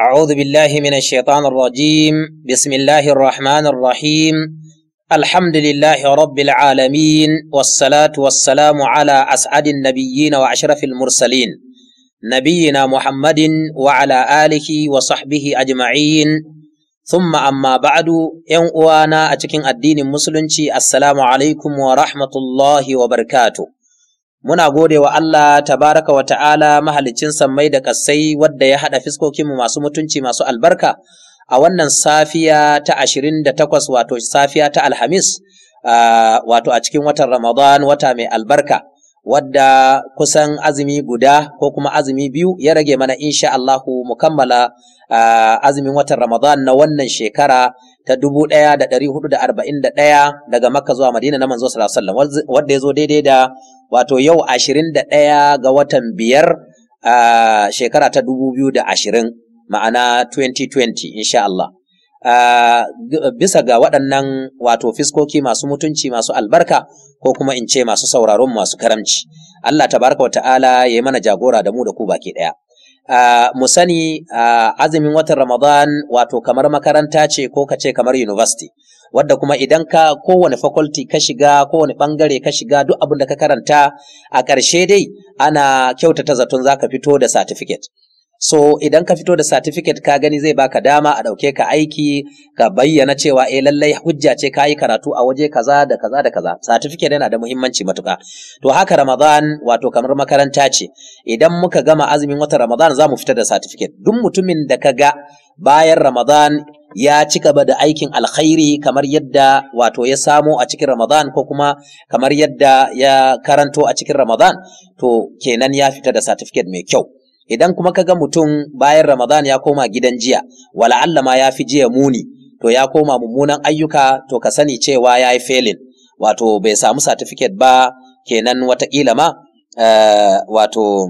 أعوذ بالله من الشيطان الرجيم بسم الله الرحمن الرحيم الحمد لله رب العالمين والصلاة والسلام على أسعد النبيين وأشرف المرسلين نبينا محمد وعلى آله وصحبه أجمعين ثم أما بعد ينقوانا أتكين الدين المسلم السلام عليكم ورحمة الله وبركاته Muna gode wa Allah tabaraka wa ta'ala mahalicin sammai da ƙasai wadda ya haɗa fiskokinmu masu mutunci masu albarka a wannan safiya ta ashirin da takwas wato safiya ta Alhamis ah, wato a cikin watan Ramadan wata mai albarka. wadda kusan azumi guda ko kuma azumi biyu ya rage mana insha Allahu mu kammala azumin watan Ramadan na wannan shekara ta 1441 daga Makka zuwa Madina na manzo sallallahu alaihi ya zo daidai da wato yau da ɗaya ga watan biyar shekara ta da 2020 ma'ana 2020 insha Allah bisa ga waɗannan wato fiskoki masu mutunci masu albarka ko kuma in ce masu sauraron masu karamci Allah tabaraka wa ta'ala ya yi mana jagora da mu da ku baki ɗaya mu sani azumin watan ramadan wato kamar makaranta ce ko ka ce kamar university wadda kuma idan ka kowane faculty ka shiga kowane bangare ka shiga duk abin da ka karanta a ƙarshe dai ana kyautata zaton zaka fito da certificate So idan ka fito da satifiket ka gani zai baka dama a ɗauke ka aiki ka bayyana cewa eh lallai hujja ce ka yi karatu a waje kaza da kaza da kaza. Satifiket yana da muhimmanci matuka. To haka Ramadan wato kamar makaranta ce. Idan muka gama azumin watan Ramadan za mu fitar da satifiket. Duk mutumin da ka ga bayan Ramadan ya ci gaba da aikin alkhairi kamar yadda wato ya samo a cikin Ramadan ko kuma kamar yadda ya karanto a cikin Ramadan to kenan ya fita da satifiket mai kyau idan kuma ka ga mutum bayan Ramadan ya koma gidan jiya wala Allah ma ya fi jiya muni to ya koma mummunan ayyuka to ka sani cewa ya yi felin wato bai samu satifiket ba kenan watakila ma uh, wato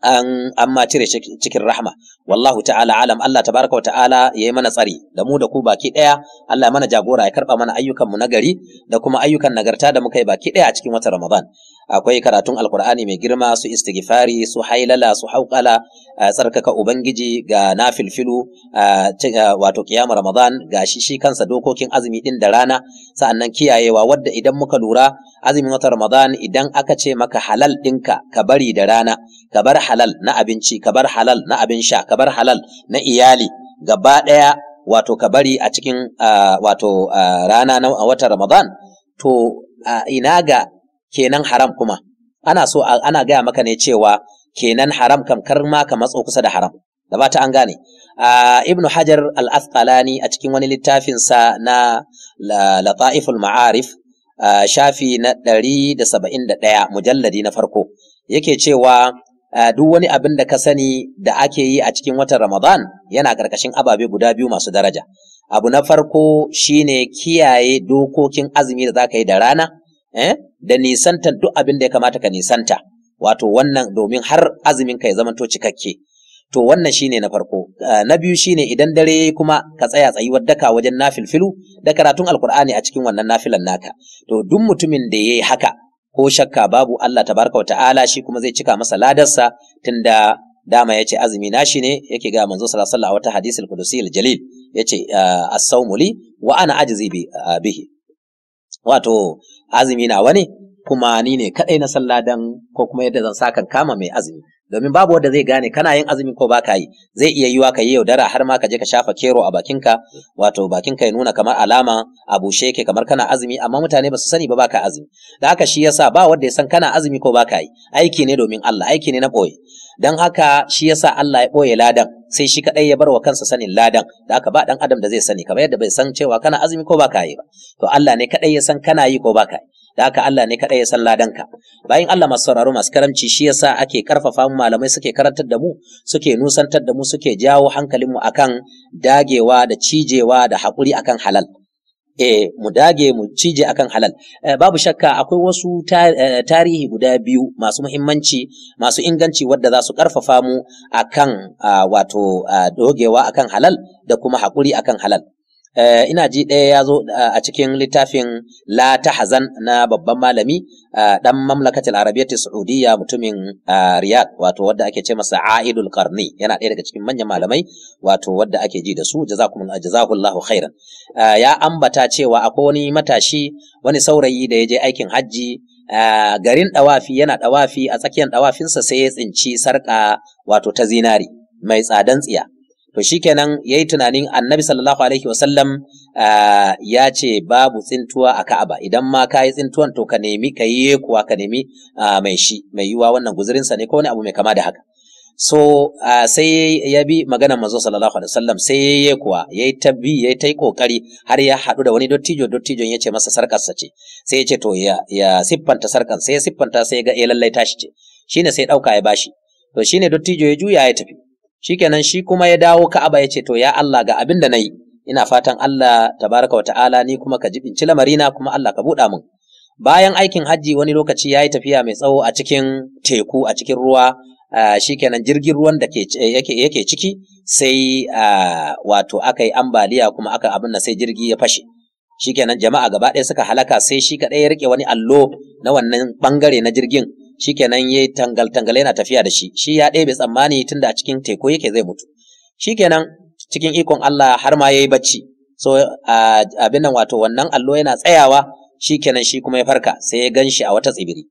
an an cire cikin rahma wallahu ta'ala alam Allah tabaraka wa ta'ala ya yi mana tsari da mu da ku baki ɗaya, Allah ya mana jagora ya karba mana ayyukan mu nagari da kuma ayyukan nagarta da muka yi baki ɗaya a cikin wata Ramadan akwai karatun alkur'ani mai girma su istighfari su hailala su hauƙala tsarkaka ubangiji ga nafilfilu wato kiyama ramadan ga shi shi kansa dokokin azumi din da rana sa'annan kiyayewa wadda idan muka lura azumin wata ramadan idan aka ce maka halal ɗinka ka bari da rana ka bar halal na abinci ka bar halal na abin sha ka bar halal na iyali gaba ɗaya wato ka bari a cikin wato rana na watan ramadan to ina ga kenan haram kuma ana so ana gaya maka ne cewa kenan haram kam kar ma ka matso kusa da haram da ba ta an gane ibnu hajar al-asqalani a cikin wani littafin sa na lata'iful ma'arif shafi na 171 mujalladi na farko yake cewa duk wani abin da ka sani da ake yi a cikin watan Ramadan yana ƙarƙashin ababe guda biyu masu daraja. Abu na farko shine kiyaye dokokin azumi da zaka yi da rana, Eh? da nisantar duk abin da ya kamata ka nisanta wato wannan domin har azumin ka ya zamanto cikakke to wannan shine na farko ah, na biyu shine idan dare kuma ka tsaya tsayuwar daka wajen nafilfilu da karatun alkur'ani a cikin wannan nafilan naka to duk mutumin da ya yi haka ko shakka babu Allah tabaraka wa ta'ala shi kuma zai cika masa ladarsa tunda dama ya yace azumi shi ne yake ga manzo sallallahu alaihi a wata hadisul qudusi al-jalil yace ah, as-sawmu li wa ana ajzi ah, bihi wato azumi na wani? kuma ni ne kadai na sallah dan ko kuma yadda zan sakan kama mai azumi domin babu wanda zai gane kana yin azumi ko baka yi zai iya yiwa ka yi yaudara har ma ka je ka shafa kero a bakinka wato bakinka ya nuna kamar alama a bushe yake kamar kana azumi amma mutane ba su sani ba baka azumi da haka shi yasa ba wanda ya san kana azumi ko baka yi aiki ne domin Allah aiki ne na boye dan haka shi yasa Allah ya boye ladan sai shi kadai ya bar wa kansa sanin ladan da haka ba dan adam da zai sani kamar yadda bai san cewa kana azumi ko baka yi ba to Allah ne kadai ya san kana yi ko baka da haka Allah ne kaɗai ya san Ladan ka. bayan Allah masu sauraro masu karamci shi yasa ake karfafa mu malamai suke karantar da mu suke nusantar da mu suke jawo hankalin hankalinmu akan dagewa da cijewa da haƙuri akan halal eh mu dage mu cije akan halal eh, babu shakka akwai wasu eh, tarihi guda biyu masu muhimmanci masu inganci wadda za su karfafa mu akan ah, wato ah, dogewa akan halal da kuma haƙuri akan halal Eh, ina ji ɗaya ya zo a cikin littafin la hazan na babban malami dan mamlakatul arabiyyati saudiyya mutumin riyad wato wadda ake ce masa aidul qarni yana ɗaya daga cikin manyan malamai wato wadda ake ji da su jazakum jazakumullahu khairan ya ambata cewa akwai wani matashi wani saurayi da ya je aikin hajji garin ɗawafi yana ɗawafi a tsakiyar ɗawafinsa sai ya tsinci sarƙa wato ta zinari mai tsadan tsiya to shi shikenan yayi tunanin annabi sallallahu alaihi wasallam ya ce babu tsintuwa a Ka'aba idan ma ka yi tsintuwan to ka nemi ka yi kuwa ka nemi mai shi mai yiwa wannan guzurinsa ne ko wani abu mai kama da haka so sai ya bi maganar manzo sallallahu alaihi wasallam sai ya yi kuwa ya yi ta ya yi ta yi kokari har ya haɗu da wani dottijo dottijon ya ce masa sarkarsa ce sai ya ce to ya, ya siffanta sarkar sai ya siffanta sai ya ga eh lallai tashi ce shine sai ɗauka ya bashi to shi ne dottijo ya juya ya tafi shikenan shi kuma ya dawo Ka'aba ya ce to ya Allah ga abin da nayi ina fatan Allah tabaraka wa ta'ala ni kuma ka jibinci lamarina kuma Allah ka buɗa mun bayan aikin hajji wani lokaci ya yi tafiya mai tsawo a cikin teku a cikin ruwa shikenan jirgin ruwan da yake ciki sai wato aka yi ambaliya kuma aka abin sai jirgi ya fashe shikenan jama'a gaba ɗaya suka halaka sai shi kaɗai ya rike wani allo na wannan bangare na jirgin shikenan yayi tangal tangal yana tafiya da shi shi ya ɗebe tsammani tunda a cikin teku yake zai mutu shikenan cikin ikon Allah har ma yayi bacci so abin nan wato wannan allo yana tsayawa shikenan shi kuma ya farka sai ya ganshi a wata tsibiri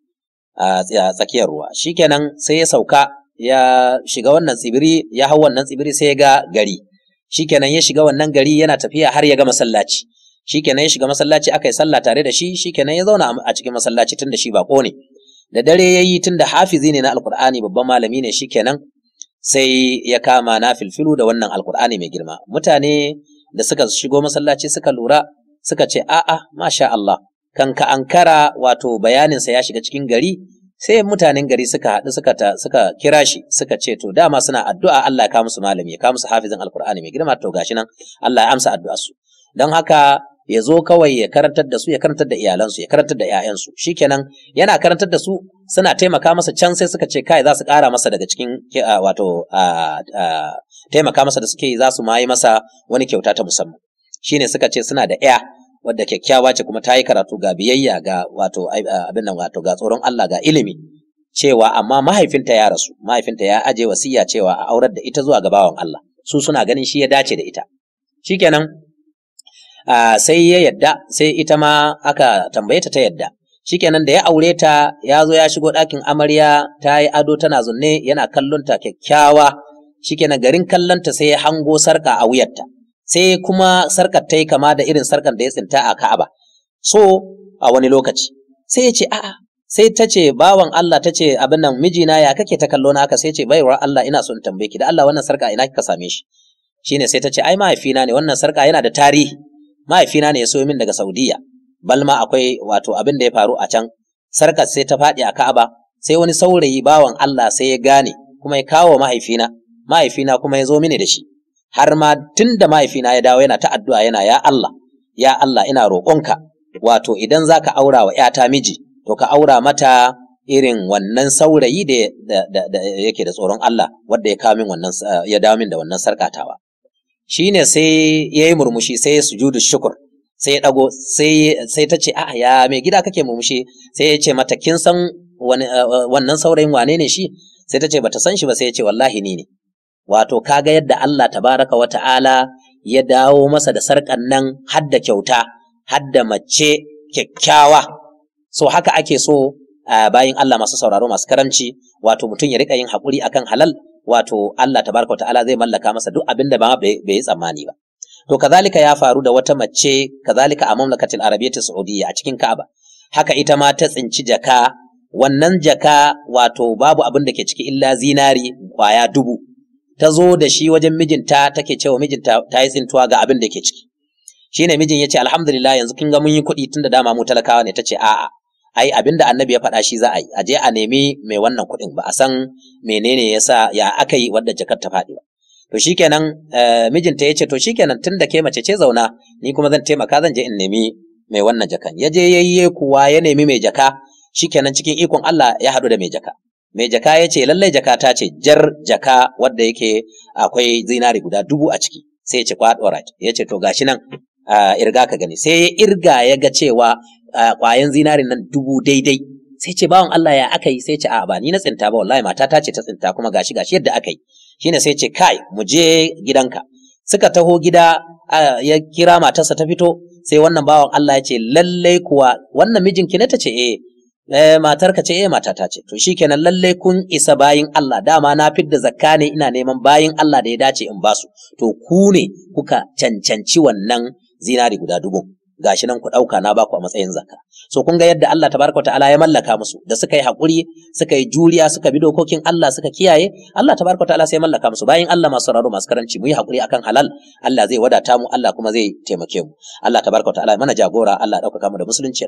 a tsakiyar ruwa shikenan sai ya sauka ya shiga wannan tsibiri ya hau wannan tsibiri sai ya ga gari shikenan ya shiga wannan gari yana tafiya har ya ga masallaci shikenan ya shiga masallaci aka yi sallah tare da shi shikenan ya zauna a cikin masallaci tunda da shi bako ne da dare ya yi tun da hafizi ne na alkur'ani babban malami ne shi kenan, sai ya kama na filfilu da wannan alkur'ani mai girma mutane da suka shigo masallaci suka lura suka ce a'a masha Allah kan ka kara wato bayaninsa ya shiga cikin gari sai mutanen gari suka haɗu suka suka kira shi suka ce to dama suna addu'a Allah ya kawo musu malami ya kawo hafizin alkur'ani mai girma to gashi nan Allah ya amsa addu'ar su don haka ya zo kawai ya karantar da su ya karantar da iyalansu ya karantar da 'ya'yansu. shikenan yana karantar da su suna taimaka masa can sai suka ce kai za su ƙara masa daga cikin wato taimaka masa da suke za su ma masa wani kyauta ta musamman shine suka ce suna da 'ya' wadda kyakkyawa ce kuma ta yi karatu ga biyayya ga wato abin nan wato ga tsoron Allah ga ilimi cewa amma mahaifinta ya rasu mahaifinta ya aje wasiya cewa a aurar da ita zuwa ga bawan Allah su suna ganin shi ya dace da ita shikenan Ah, sai ya yadda sai ita ma aka tambaye ta ta yadda shikenan da ya aure ta ya zo ya shigo ɗakin amarya ta yi ado tana zunne yana kallon ta kyakkyawa shikenan garin kallon ta sai ya hango sarka a wuyarta sai kuma sarkar ta yi kama da irin sarkar da ya tsinta a Ka'aba so a wani lokaci sai ya ce a'a sai ta ce bawan Allah ta ce abin nan mijina ya kake ta kallo na haka sai ce baiwar Allah ina son tambaye ki da Allah wannan sarka ina kika same shi shine sai ta ce ai mahaifina ne wannan sarka yana da tarihi mahaifina ne ya so min daga Saudiya balma akwai wato abin da ya faru a can sarkar sai ta faɗi a Ka'aba sai wani saurayi bawan Allah sai ya gane kuma ya kawo mahaifina mahaifina kuma ya zo mini da shi har ma tun mahaifina ya dawo yana ta addu'a yana ya Allah ya Allah ina roƙonka wato idan za ka aura wa ‘yata miji to ka aura mata irin wannan saurayi da yake da tsoron Allah wadda ya kawo min wannan ya dawo min da wannan sarkatawa Shi ne sai ya yi murmushi sai ya sujudu shukur sai ya ɗago sai ta ce a'a ya me gida kake murmushi sai ya ce mata kin san eh, eh, wannan saurayin wane ne shi sai ta ce bata san shi ba sai ya ce wallahi ni ne wato kaga yadda Allah tabaraka wa ta'ala ya dawo masa da sarƙan nan hadda kyauta hadda mace kyakkyawa so haka ake so eh, bayan Allah masu sauraro masu karamci wato mutum ya riƙa yin haƙuri akan halal wato Allah tabaraka ta'ala zai mallaka masa duk abin ba bai yi tsammani ba to kazalika ya faru da wata mace kazalika a mamlakatil ta saudiyya a cikin Ka'aba haka ita ma ta tsinci jaka wannan jaka wato babu abin da ke ciki illa zinari kwaya dubu ta zo da shi wajen mijinta take cewa mijinta ta yi tsintuwa ga abin da ke ciki shine mijin ya ce alhamdulillah yanzu kin ga mun yi kuɗi tun da dama mu talakawa ne ta ce a'a ai abin da annabi ya faɗa shi za a yi a je a nemi mai wannan kuɗin ba a san menene ya sa ya aka yi wadda jakar ta faɗi ba to shikenan eh, mijinta ya ce to shikenan tun da ke mace ce zauna ni kuma zan taimaka zan je in nemi mai wannan jakan ya je ya yi kuwa ya nemi mai jaka shikenan cikin ikon Allah ya haɗu da mai jaka mai jaka ya ce lallai jaka ta ce jar jaka wadda yake akwai zinari guda dubu a ciki sai ya ce kwa ɗora ya ce to gashi nan ah, irga ka gani sai ya irga ya ga cewa kwayan zinari nan dubu daidai sai ce bawan Allah ya aka yi sai ce a'a ba ni na tsinta ba wallahi mata ta ce ta tsinta kuma gashi gashi yadda aka yi shine sai ce kai mu je gidanka suka taho gida ya kira matarsa ta fito sai wannan bawan Allah ya ce lallai kuwa wannan mijinki ne ta ce eh, eh matar ce eh mata ce to shikenan lalle kun isa bayin Allah dama na fidda zakka ne ina neman bayin Allah da ya dace in basu to ku ne kuka cancanci wannan zinari guda dubu gashi nan ku ɗauka na baku a matsayin zakka so kun ga yadda Allah tabaraka ta'ala ya mallaka musu da suka yi hakuri suka yi juriya suka bi dokokin Allah suka kiyaye Allah tabaraka ta'ala sai mallaka musu bayan Allah masu sauraro masu karanci mu yi hakuri akan halal Allah zai wadata mu Allah kuma zai taimake mu Allah tabaraka ta'ala mana jagora Allah dauka mu da musulunci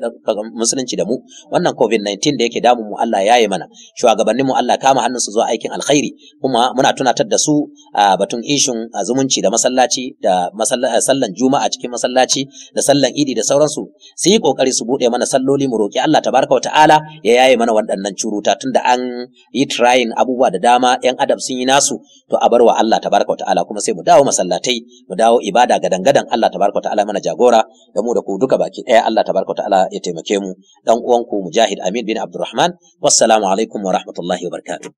musulunci da mu wannan covid-19 da yake damun mu Allah yaye mana shugabannin mu Allah kama hannunsu zuwa aikin alkhairi kuma muna tunatar da su a batun ishin zumunci da masallaci da sallan juma'a cikin masallaci da sallan tauhidi da sauransu su yi kokari su bude mana salloli mu roki Allah tabaraka ta'ala ya yaye mana waɗannan curuta tunda an yi trying abubuwa da dama yan adam sun yi nasu to a barwa Allah tabaraka ta'ala kuma sai mu dawo masallatai mu dawo ibada gadan gadan Allah tabaraka ta'ala mana jagora da mu da ku duka baki ɗaya Allah tabaraka ta'ala ya taimake mu dan uwanku Mujahid Amin bin Abdulrahman wassalamu alaikum wa rahmatullahi wa barakatuh